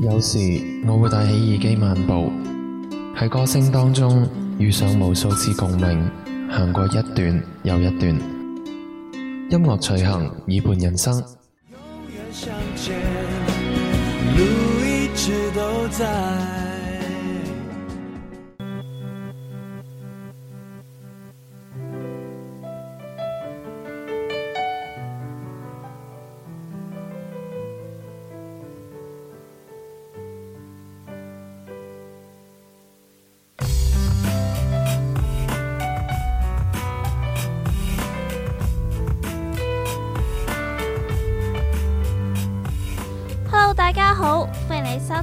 有時我會戴起耳機漫步，喺歌聲當中遇上無數次共鳴，行過一段又一段，音樂隨行，耳畔人生。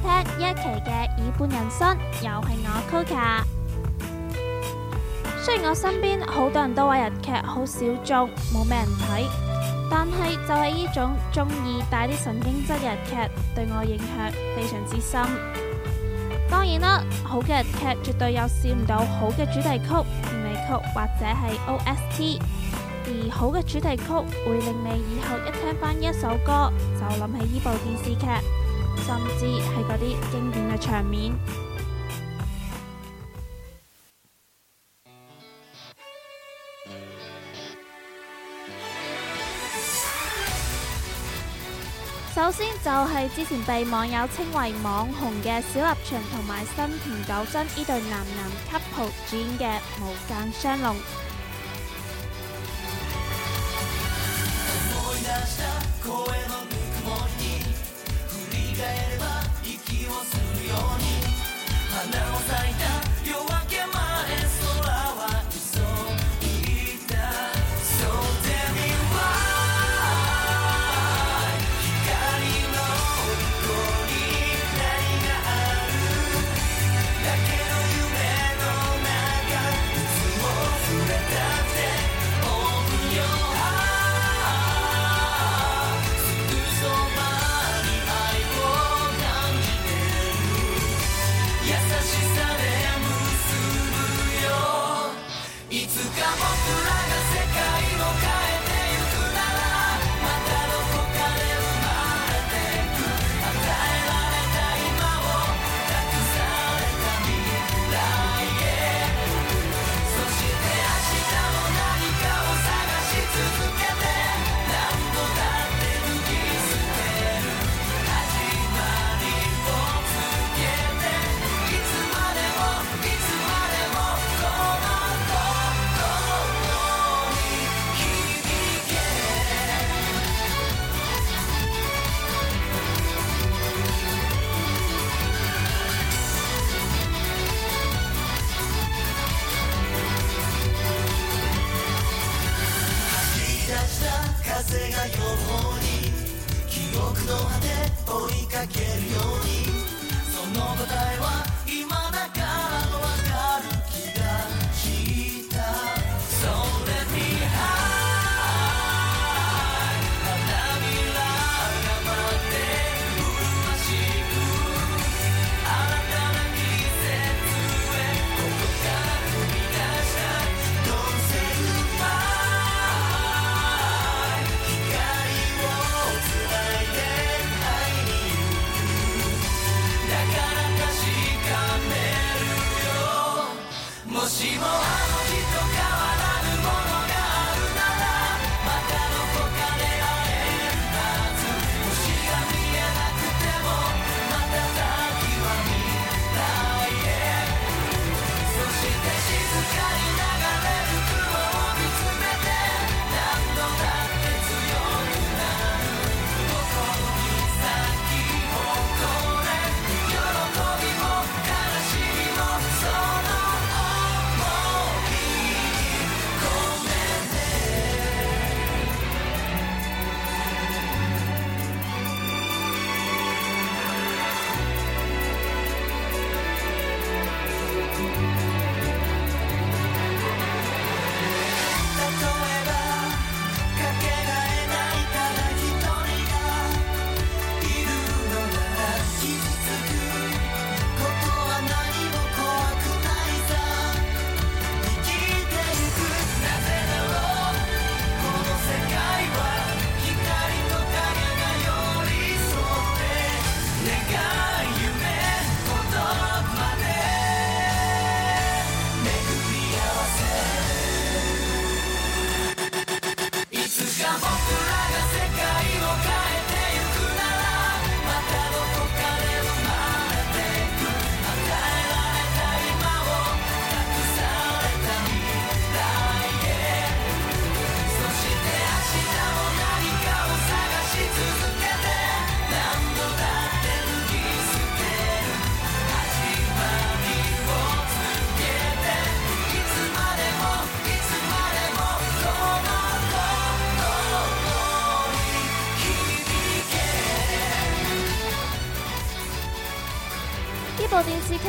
聽一期嘅耳畔人生，又係我 KOKA。雖然我身邊好多人都話日劇好小眾，冇咩人睇，但係就係呢種中意帶啲神經質嘅日劇對我影響非常之深。當然啦，好嘅日劇絕對有試唔到好嘅主題曲、片尾曲或者係 OST，而好嘅主題曲會令你以後一聽翻一首歌就諗起依部電視劇。甚至係嗰啲經典嘅場面。 首先就係之前被網友稱為網紅嘅小栗旬同埋生田斗真呢對男男 couple 主演嘅《無間雙龍》。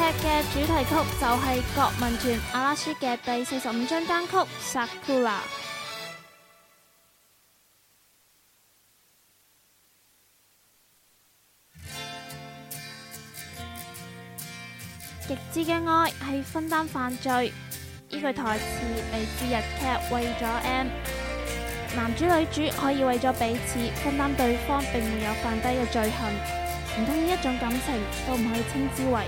劇嘅主題曲就係《國民團阿拉斯》嘅第四十五張單曲《Sakura》。極致嘅愛係分擔犯罪，依句台詞來自日劇《A, G, y, Cat, 為咗 N》，男主女主可以為咗彼此分擔對方並沒有犯低嘅罪行，唔通呢一種感情都唔可以稱之為？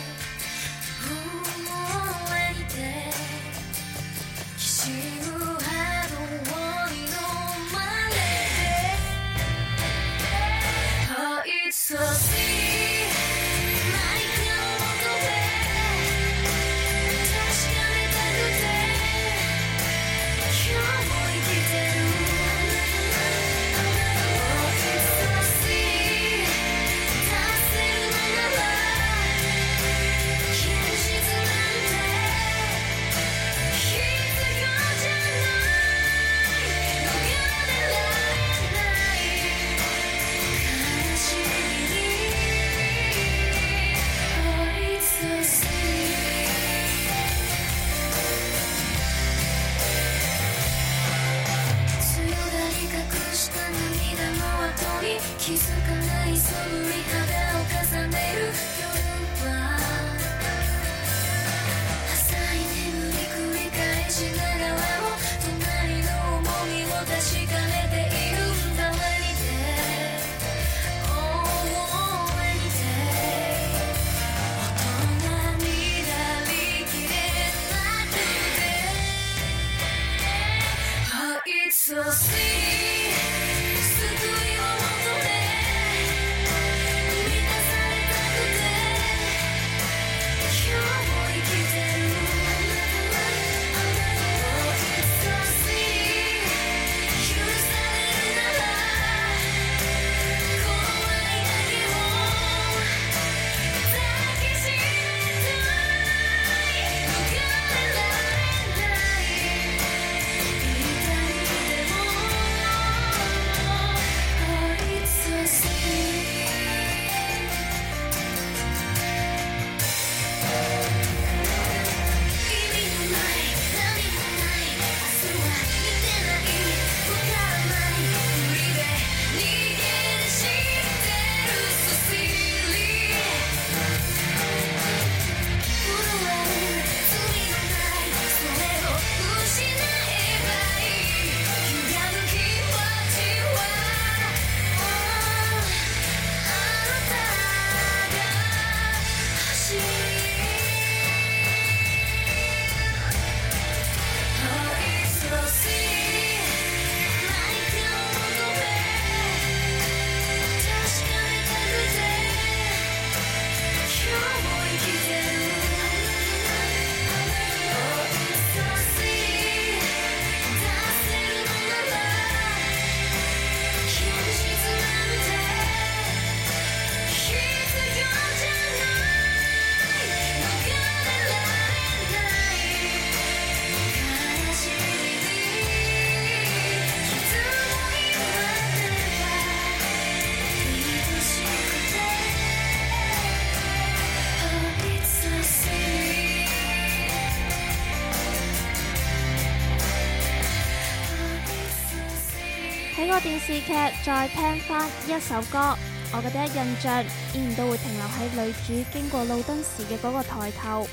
電視劇再聽翻一首歌，我嘅第一印象依然都會停留喺女主經過路燈時嘅嗰個抬頭。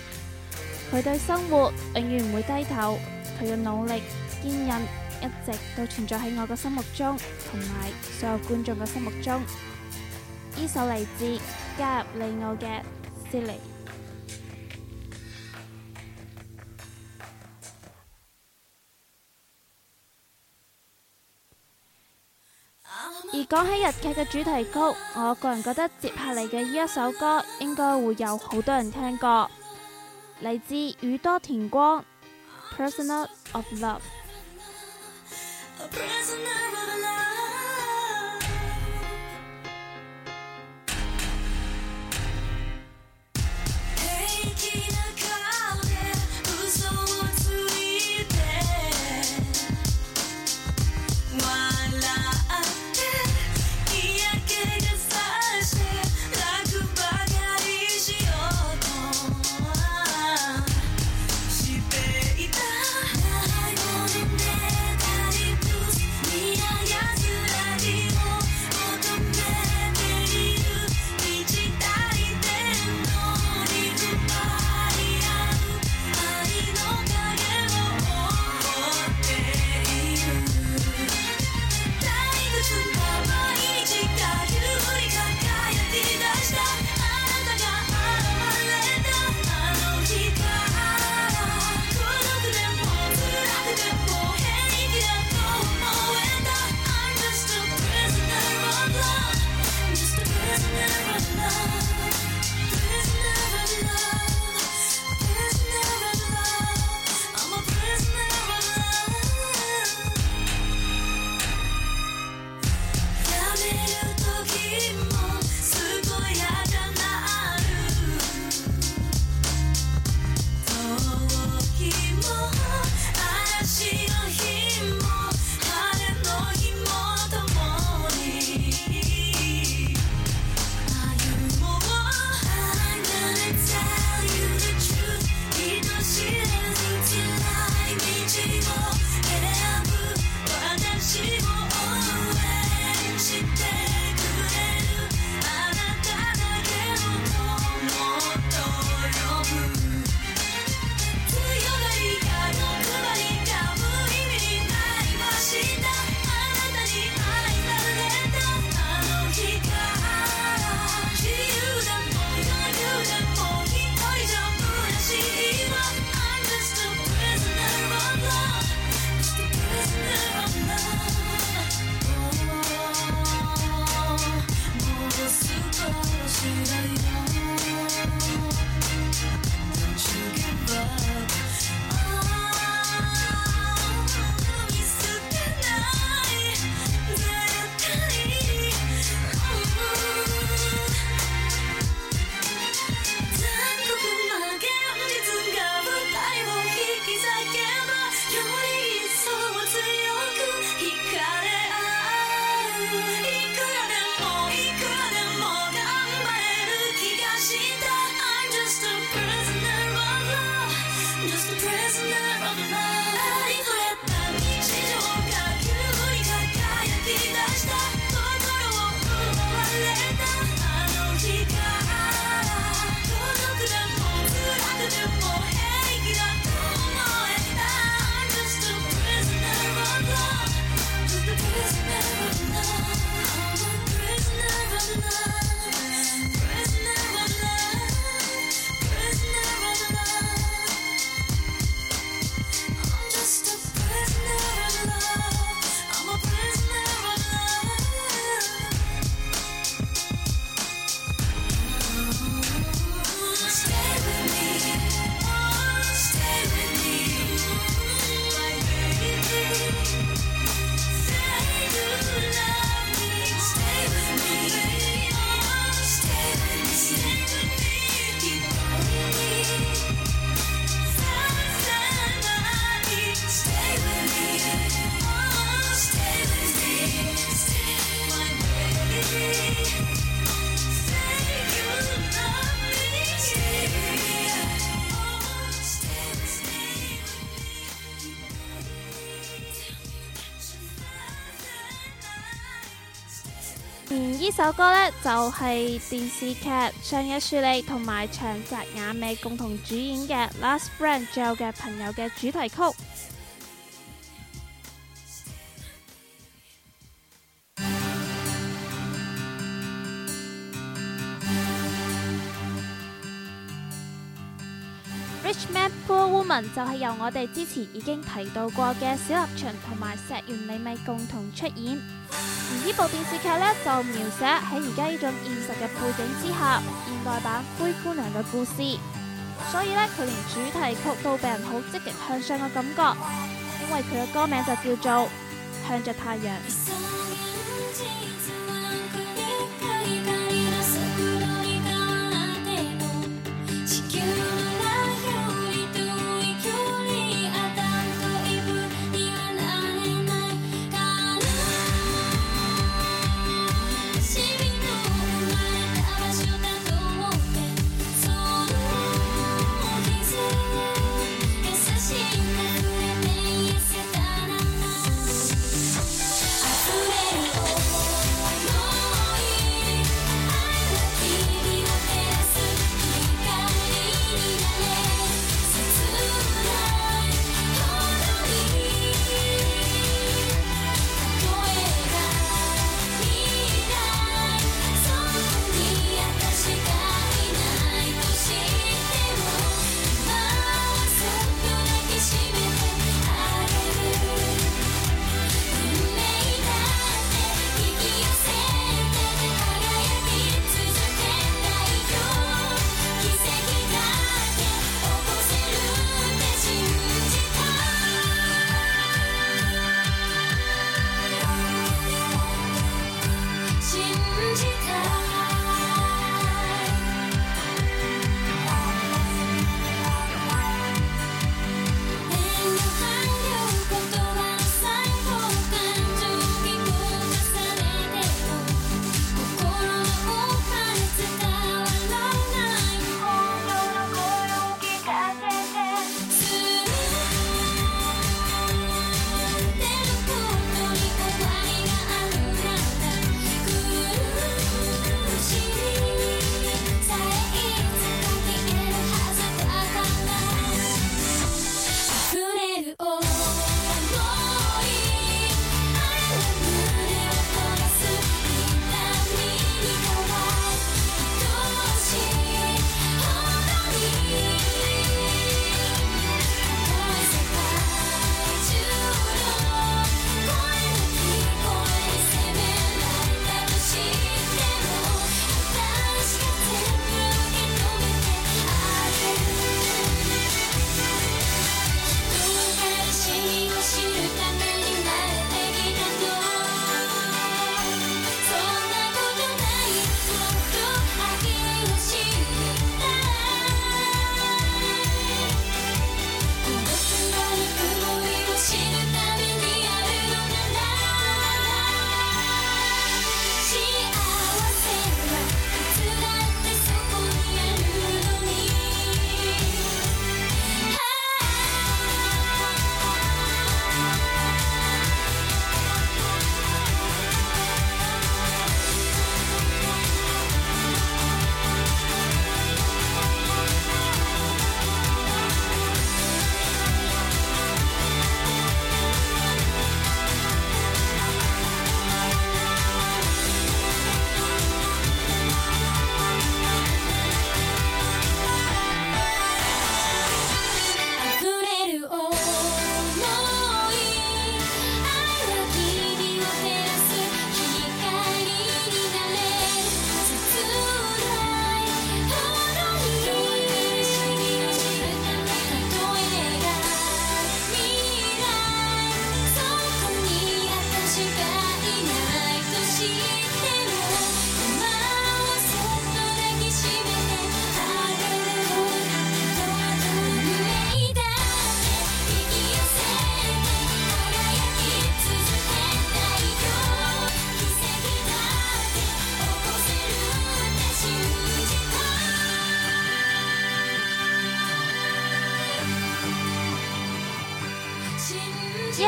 佢對生活永遠唔會低頭，佢嘅努力堅韌一直都存在喺我嘅心目中，同埋所有觀眾嘅心目中。呢首嚟自家入利奧嘅《Silly》。而講起日劇嘅主題曲，我個人覺得接下嚟嘅呢一首歌應該會有好多人聽過，嚟自宇多田光《Prisoner of Love》。首歌呢就係、是、電視劇《上野樹里》同埋長澤雅美共同主演嘅《Last Friend》最後嘅朋友嘅主題曲。就係由我哋之前已經提到過嘅小栗旬同埋石原里美共同出演，而呢部電視劇呢，就描寫喺而家呢種現實嘅背景之下，現代版灰姑娘嘅故事。所以呢，佢連主題曲都俾人好積極向上嘅感覺，因為佢嘅歌名就叫做《向着太陽》。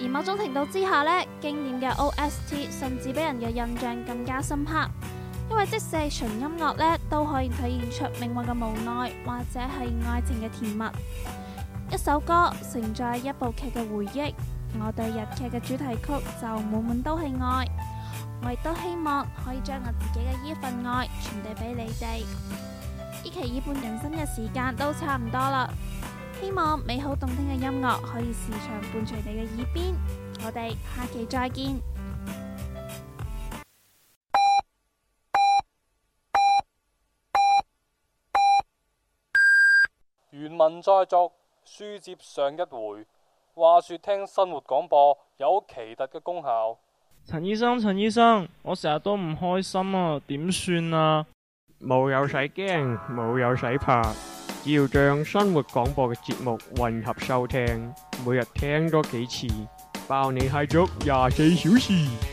而某種程度之下呢，經典嘅 OST 甚至俾人嘅印象更加深刻，因為即使係純音樂呢都可以體現出命運嘅無奈，或者係愛情嘅甜蜜。一首歌承載一部劇嘅回憶，我對日劇嘅主題曲就滿滿都係愛，我亦都希望可以將我自己嘅呢份愛傳遞俾你哋。呢期耳畔人生嘅時間都差唔多啦。希望美好動聽嘅音樂可以時常伴隨你嘅耳邊，我哋下期再見。原文再續，書接上一回。話說聽生活廣播有奇特嘅功效。陳醫生，陳醫生，我成日都唔開心啊，點算啊？冇有使驚，冇有使怕。只要將生活廣播嘅節目混合收聽，每日聽多幾次，包你嗨足廿四小時。